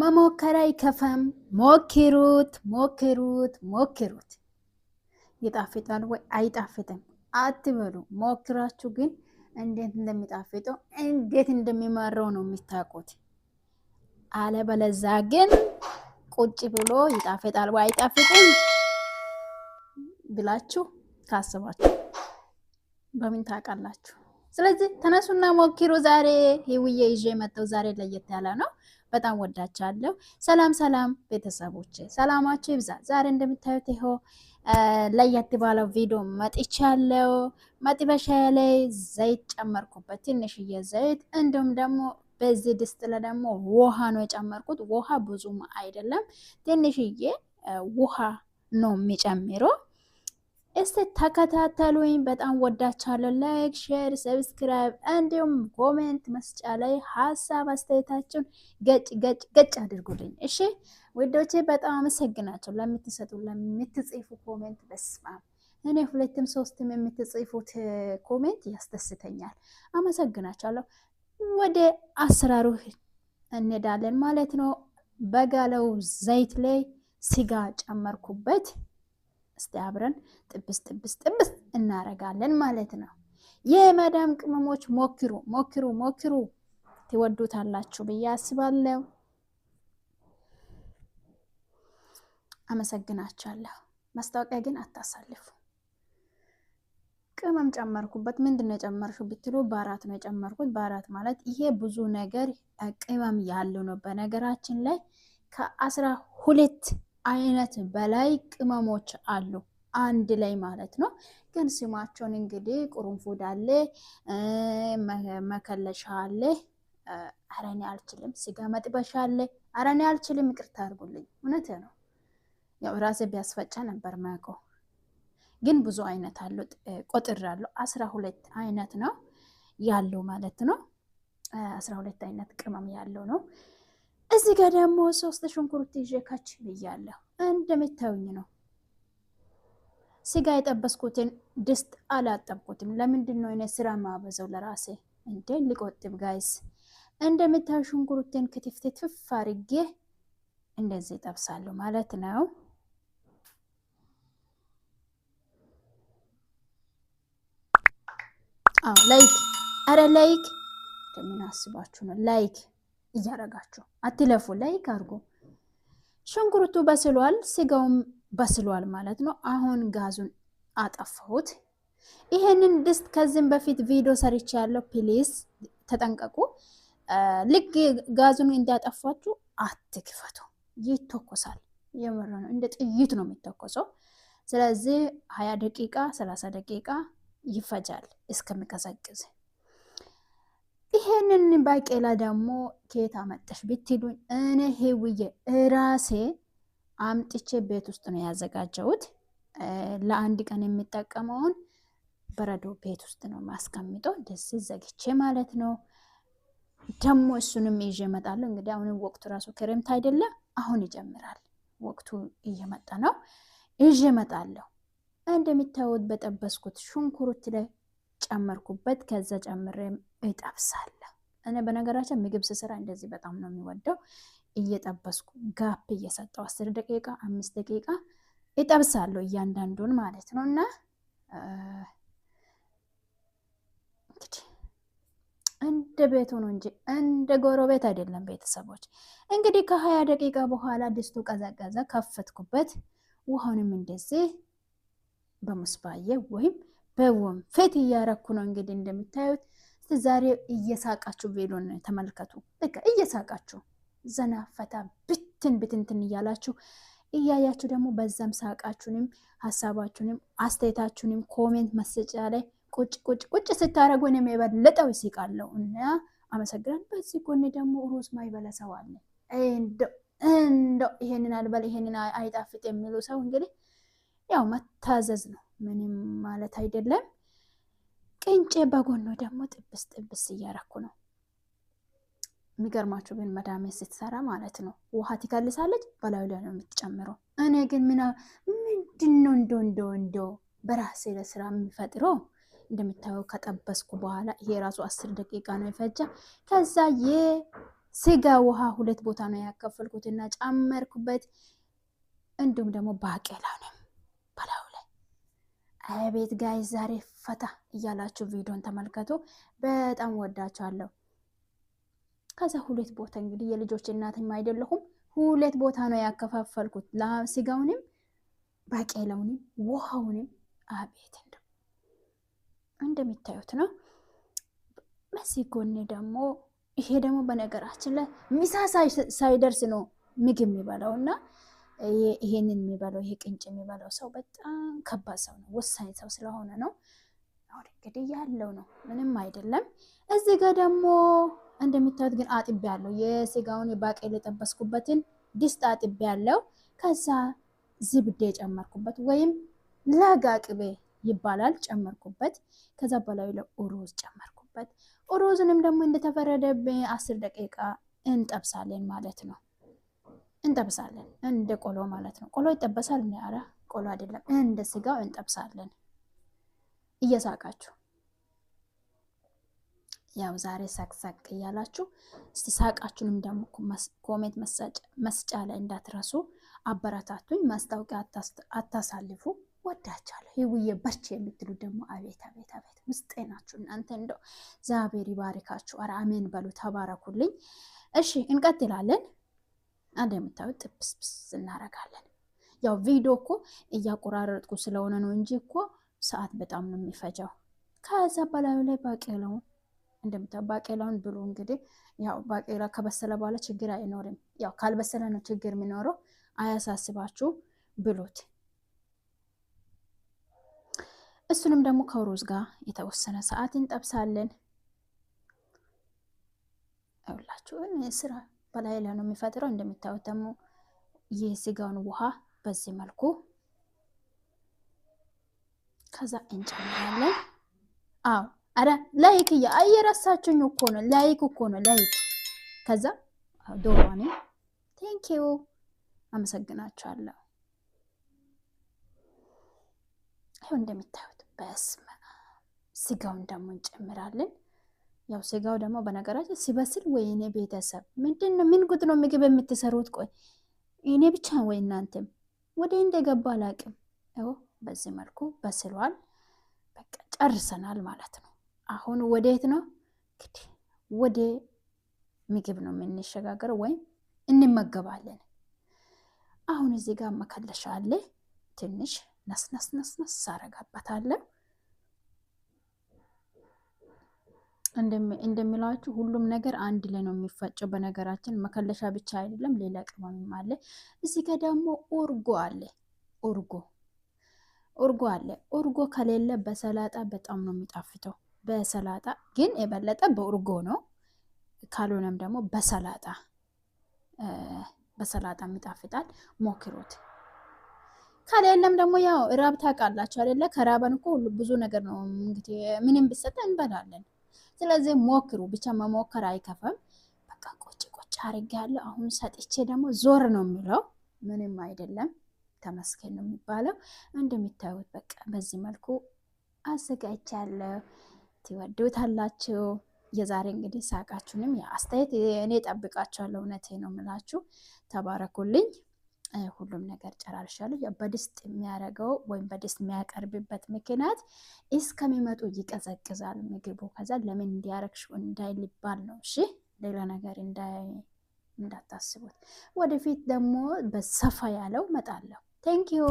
መሞከር አይከፈም። ሞክሩት ሞክሩት ሞክሩት። ይጣፍጣል ወይ አይጣፍጥም አትበሉ። ሞክራችሁ ግን እንዴት እንደሚጣፍጠው እንዴት እንደሚመረው ነው የሚታቁት አለበለዛ ግን ቁጭ ብሎ ይጣፍጣል ወይ አይጣፍጥም ብላችሁ ካስባችሁ በምን ታውቃላችሁ? ስለዚህ ተነሱና ሞክሩ። ዛሬ ህውዬ ይዤ መጣሁ። ዛሬ ለየት ያለ ነው። በጣም ወዳቻለሁ። ሰላም ሰላም ቤተሰቦች፣ ሰላማችሁ ይብዛ። ዛሬ እንደምታዩት ይኸው ለየት ባለው ቪዲዮ መጥቻለሁ። መጥበሻዬ ላይ ዘይት ጨመርኩበት፣ ትንሽዬ ዘይት እንዲሁም ደግሞ በዚህ ድስት ላይ ደግሞ ውሃ ነው የጨመርኩት። ውሃ ብዙም አይደለም፣ ትንሽዬ ውሃ ነው የሚጨምረው እስቲ ወይም በጣም ወዳቻለሁ። ላይክ፣ ሼር፣ ሰብስክራይብ እንዲሁም ኮሜንት መስጫ ላይ ሀሳብ አስተያየታችሁን ገጭ ገጭ ገጭ አድርጉልኝ። እሺ ውዶቼ በጣም አመሰግናቸው ለምትሰጡ ለምትጽፉ ኮሜንት በስማ እኔ ሁለትም ሶስትም የምትጽፉት ኮሜንት ያስደስተኛል። አመሰግናቸዋለሁ። ወደ አሰራሩ እንሄዳለን ማለት ነው። በጋለው ዘይት ላይ ስጋ ጨመርኩበት። እስቲ አብረን ጥብስ ጥብስ ጥብስ እናረጋለን ማለት ነው። የመዳም ቅመሞች ሞክሩ ሞክሩ ሞክሩ፣ ትወዱታላችሁ ብዬ አስባለሁ። አመሰግናችኋለሁ። ማስታወቂያ ግን አታሳልፉ። ቅመም ጨመርኩበት። ምንድን ነው የጨመርሽው ብትሉ በአራት ነው የጨመርኩት። በአራት ማለት ይሄ ብዙ ነገር ቅመም ያለው ነው። በነገራችን ላይ ከአስራ ሁለት አይነት በላይ ቅመሞች አሉ አንድ ላይ ማለት ነው። ግን ስማቸውን እንግዲህ ቁርንፉድ አለ፣ መከለሻ አለ፣ አረኔ አልችልም፣ ስጋ መጥበሻ አለ፣ አረኔ አልችልም። ይቅርታ አድርጉልኝ፣ እውነት ነው። ያው ራሴ ቢያስፈጫ ነበር ማቆ። ግን ብዙ አይነት አሉ፣ አሉ። አስራ ሁለት አይነት ነው ያለው ማለት ነው። አስራ ሁለት አይነት ቅመም ያለው ነው። እዚህ ጋር ደግሞ ሶስት ሽንኩርት ይዤ ከች ብያለሁ። እንደምታዩኝ ነው። ስጋ የጠበስኩትን ድስት አላጠብኩትም። ለምንድን ነው እኔ ስራ ማበዘው ለራሴ እንዴ? ልቆጥብ ጋይስ። እንደምታዩ ሽንኩርትን ክትፍትፍፍ አርጌ እንደዚህ ጠብሳለሁ ማለት ነው። ላይክ አረ ላይክ ምን አስባችሁ ነው ላይክ እያረጋችሁ አትለፉ። ላይክ አድርጉ። ሽንኩርቱ በስሏል፣ ስጋውም በስሏል ማለት ነው። አሁን ጋዙን አጠፋሁት። ይሄንን ድስት ከዚህም በፊት ቪዲዮ ሰርቼ ያለው ፕሊስ ተጠንቀቁ። ልክ ጋዙን እንዲያጠፋችሁ አትክፈቱ፣ ይተኮሳል። የምር ነው፣ እንደ ጥይት ነው የሚተኮሰው። ስለዚህ ሀያ ደቂቃ ሰላሳ ደቂቃ ይፈጃል እስከሚቀዘቅዝ ይሄንን ባቄላ ደግሞ ከየት አመጣሽ ብትሉኝ፣ እኔ ሄውዬ እራሴ አምጥቼ ቤት ውስጥ ነው ያዘጋጀሁት። ለአንድ ቀን የሚጠቀመውን በረዶ ቤት ውስጥ ነው ማስቀምጠው ደስ ዘግቼ ማለት ነው። ደግሞ እሱንም ይዤ እመጣለሁ። እንግዲህ አሁንም ወቅቱ ራሱ ክረምት አይደለም አሁን ይጀምራል። ወቅቱ እየመጣ ነው። ይዤ እመጣለሁ። እንደሚታወት በጠበስኩት ሽንኩርት ላይ ጨመርኩበት። ከዛ ጨምሬ እጠብሳለሁ። እኔ በነገራችን ምግብ ስሰራ እንደዚህ በጣም ነው የሚወደው። እየጠበስኩ ጋፕ እየሰጠው አስር ደቂቃ አምስት ደቂቃ እጠብሳለሁ እያንዳንዱን ማለት ነው እና እንደ ቤቱ ነው እንጂ እንደ ጎረቤት አይደለም። ቤተሰቦች እንግዲህ ከሀያ ደቂቃ በኋላ ድስቱ ቀዘቀዘ። ከፈትኩበት ውሃውንም እንደዚህ በሙስባዬ ወይም በውም ፌት እያረኩ ነው። እንግዲህ እንደምታዩት ዛሬ እየሳቃችሁ ቬሎን ተመልከቱ። በቃ እየሳቃችሁ ዘና ፈታ ብትን ብትንትን እያላችሁ እያያችሁ ደግሞ በዛም ሳቃችሁንም ሀሳባችሁንም አስተያየታችሁንም ኮሜንት መስጫ ላይ ቁጭ ቁጭ ቁጭ ስታደረጉ እኔም የበለጠው ይስቃለሁ እና አመሰግናል። በዚህ ጎን ደግሞ ሩዝ ማይበላ ሰው አለ። እንደው ይሄንን አልበል ይሄንን አይጣፍጥ የሚሉ ሰው እንግዲህ ያው መታዘዝ ነው ምንም ማለት አይደለም። ቅንጬ በጎኖ ደግሞ ጥብስ ጥብስ እያረኩ ነው። የሚገርማችሁ ግን መዳሜ ስትሰራ ማለት ነው ውሃ ትከልሳለች፣ በላዩ ላይ ነው የምትጨምረው። እኔ ግን ምና ምንድን ነው እንዶ እንዶ እንዶ በራሴ ለስራ የሚፈጥረው እንደምታየው ከጠበስኩ በኋላ ይሄ ራሱ አስር ደቂቃ ነው የፈጃ። ከዛ የስጋ ውሃ ሁለት ቦታ ነው ያከፈልኩት እና ጨመርኩበት። እንዲሁም ደግሞ ባቄላ ነው አቤት ጋይ ዛሬ ፈታ እያላችሁ ቪዲዮን ተመልከቱ። በጣም ወዳችኋለሁ። ከዛ ሁለት ቦታ እንግዲህ የልጆች እናትም አይደለሁም ሁለት ቦታ ነው ያከፋፈልኩት። ስጋውንም ባቄላውንም ውሃውንም አቤት እንደ እንደሚታዩት ነው። በዚህ ጎን ደግሞ ይሄ ደግሞ በነገራችን ላይ ሚሳ ሳይደርስ ነው ምግብ የሚበላው እና ይሄንን የሚበለው ይሄ ቅንጭ የሚበለው ሰው በጣም ከባድ ሰው ነው፣ ወሳኝ ሰው ስለሆነ ነው። አሁን እንግዲህ ያለው ነው ምንም አይደለም። እዚህ ጋር ደግሞ እንደሚታዩት ግን አጥቤ ያለው የስጋውን የባቄላ የጠበስኩበትን ድስት አጥቤ ያለው ከዛ ዝብዴ ጨመርኩበት ወይም ለጋ ቅቤ ይባላል ጨመርኩበት። ከዛ በላዩ ለኦሮዝ ጨመርኩበት። ኦሮዝንም ደግሞ እንደተፈረደብኝ አስር ደቂቃ እንጠብሳለን ማለት ነው። እንጠብሳለን። እንደ ቆሎ ማለት ነው። ቆሎ ይጠበሳል። ኧረ ቆሎ አይደለም፣ እንደ ስጋው እንጠብሳለን። እየሳቃችሁ ያው ዛሬ ሳቅሳቅ እያላችሁ እስቲ ሳቃችሁንም ደግሞ ኮሜንት መስጫ ላይ እንዳትረሱ። አበረታቱኝ። ማስታወቂያ አታሳልፉ። ወዳቻለሁ። ህውዬ በርች የምትሉ ደግሞ አቤት አቤት አቤት ውስጤ ናችሁ እናንተ። እንደው ዛቤር ይባርካችሁ። ኧረ አሜን በሉ። ተባረኩልኝ። እሺ እንቀጥላለን። እንደምታዩት ጥብስብስ እናረጋለን። ያው ቪዲዮ እኮ እያቆራረጥኩ ስለሆነ ነው እንጂ እኮ ሰዓት በጣም ነው የሚፈጀው። ከዛ በላዩ ላይ ባቄላውን እንደምታዩት ባቄላውን ብሉ። እንግዲህ ያው ባቄላ ከበሰለ በኋላ ችግር አይኖርም። ያው ካልበሰለ ነው ችግር የሚኖረው። አያሳስባችሁ፣ ብሉት። እሱንም ደግሞ ከሩዝ ጋር የተወሰነ ሰዓት እንጠብሳለን። ይኸውላችሁ ስራ በላይ ላይ ነው የሚፈጥረው። እንደሚታዩት ደግሞ የስጋውን ውሃ በዚህ መልኩ ከዛ እንጨምራለን። አዎ አረ ላይክ እያ እየረሳችሁኝ እኮ ነው። ላይክ እኮ ነው ላይክ። ከዛ ዶሮኔ ዩ አመሰግናችኋለሁ። ይሁ እንደሚታዩት በስመ ስጋውን ደግሞ እንጨምራለን። ያው ስጋው ደግሞ በነገራችን ሲበስል ወይኔ ቤተሰብ ምንድነው ምን ጉድ ነው ምግብ የምትሰሩት? ቆይ እኔ ብቻ ወይ እናንተም ወደ እንደገባ አላቅም። ያው በዚህ መልኩ በስሏል። በቃ ጨርሰናል ማለት ነው። አሁን ወዴት ነው እንግዲህ ወደ ምግብ ነው የምንሸጋገረው፣ ወይም እንመገባለን። አሁን እዚህ ጋር መከለሻ አለ። ትንሽ ነስነስነስነስ አረጋበታለሁ እንደሚላችሁ ሁሉም ነገር አንድ ላይ ነው የሚፈጨው። በነገራችን መከለሻ ብቻ አይደለም፣ ሌላ ቅመምም አለ። እዚህ ጋ ደግሞ ኦርጎ አለ። ኦርጎ ኦርጎ አለ። ኦርጎ ከሌለ በሰላጣ በጣም ነው የሚጣፍተው። በሰላጣ ግን የበለጠ በኦርጎ ነው፣ ካልሆነም ደግሞ በሰላጣ በሰላጣ ይጣፍጣል። ሞክሮት። ከሌለም ደግሞ ያው ራብ ታውቃላችሁ አይደለ? ከራበን እኮ ብዙ ነገር ነው እንግዲህ ምንም ብሰጠ እንበላለን። ስለዚህ ሞክሩ። ብቻ መሞከር አይከፍም በቃ ቁጭ ቁጭ ያለው አሁን ሰጥቼ ደግሞ ዞር ነው የሚለው ምንም አይደለም። ተመስገን ነው የሚባለው። እንደሚታዩት በቃ በዚህ መልኩ አዘጋጅቻለሁ። ትወዱታላችሁ። የዛሬ እንግዲህ ሳቃችሁንም አስተያየት እኔ ጠብቃችኋለሁ። እውነቴ ነው የምላችሁ። ተባረኩልኝ። ሁሉም ነገር ጨራርሻለሁ። በድስት የሚያደርገው ወይም በድስት የሚያቀርብበት ምክንያት እስከሚመጡ ይቀዘቅዛል ምግቡ። ከዛ ለምን እንዲያረግሽ እንዳይልባል ነው። እሺ ሌላ ነገር እንዳታስቡት። ወደፊት ደግሞ በሰፋ ያለው መጣለሁ። ቴንኪዩ